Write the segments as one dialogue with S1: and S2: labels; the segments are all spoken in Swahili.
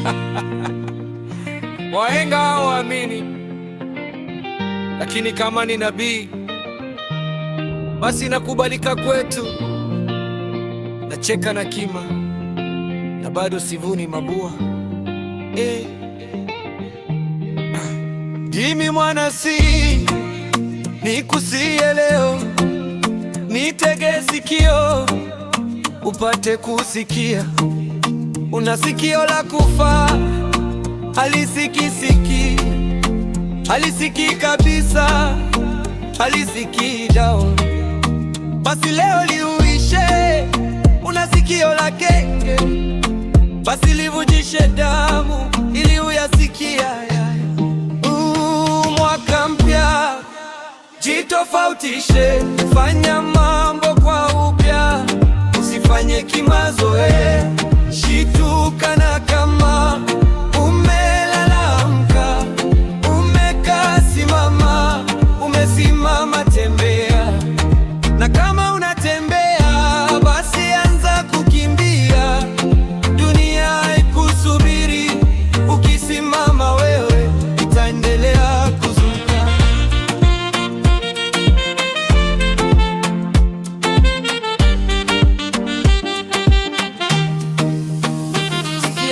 S1: wahenga hawaamini, lakini kama ni nabii basi inakubalika kwetu. Nacheka na kima na bado sivuni mabua e. Eh. Jimi mwana si nikusie leo, nitege sikio upate kusikia Una sikio la kufa, halisikisiki, halisiki kabisa, halisikii down. Basi leo liuishe. Una sikio la kenge, basi livujishe damu ili uyasikia. Mwaka mpya jitofautishe, fanya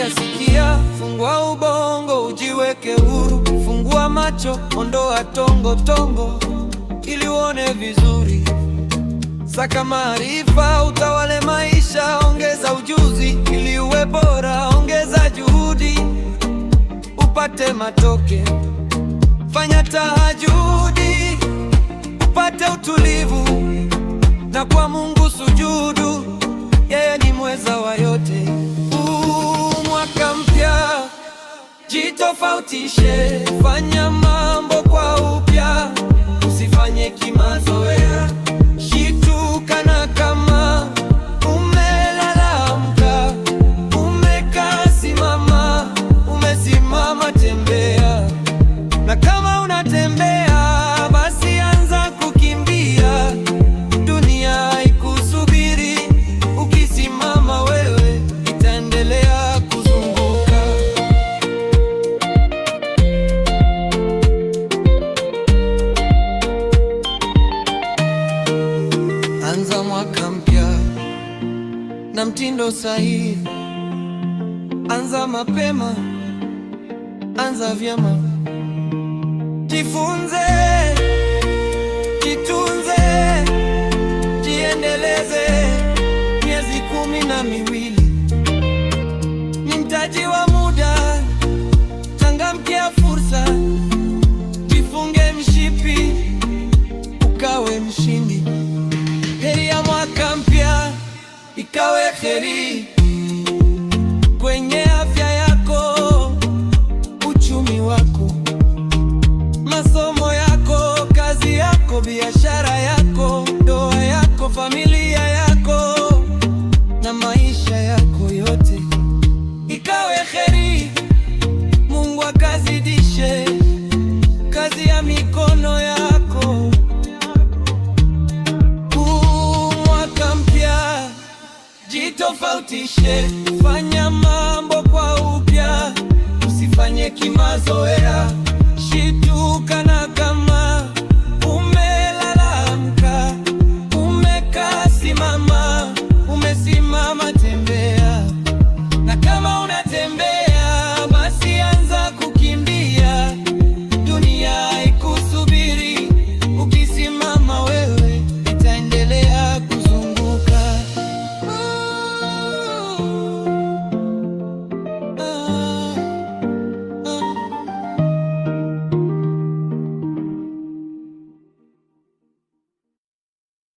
S1: sikia, sikia, fungua ubongo, ujiweke huru, fungua macho, ondoa tongo tongo ili uone vizuri, saka maarifa, utawale maisha, ongeza ujuzi ili uwe bora, ongeza juhudi upate matoke, fanya tahajudi upate utulivu na kwa Mungu Jitofautishe, fanya mambo kwa upya, usifanye kimazoea. na mtindo sahihi. Anza mapema, anza vyema, jifunze, jitunze, jiendeleze miezi kumi na miwili. ikawe heri kwenye utofautishe, fanya mambo kwa upya, usifanye kimazoea, shituka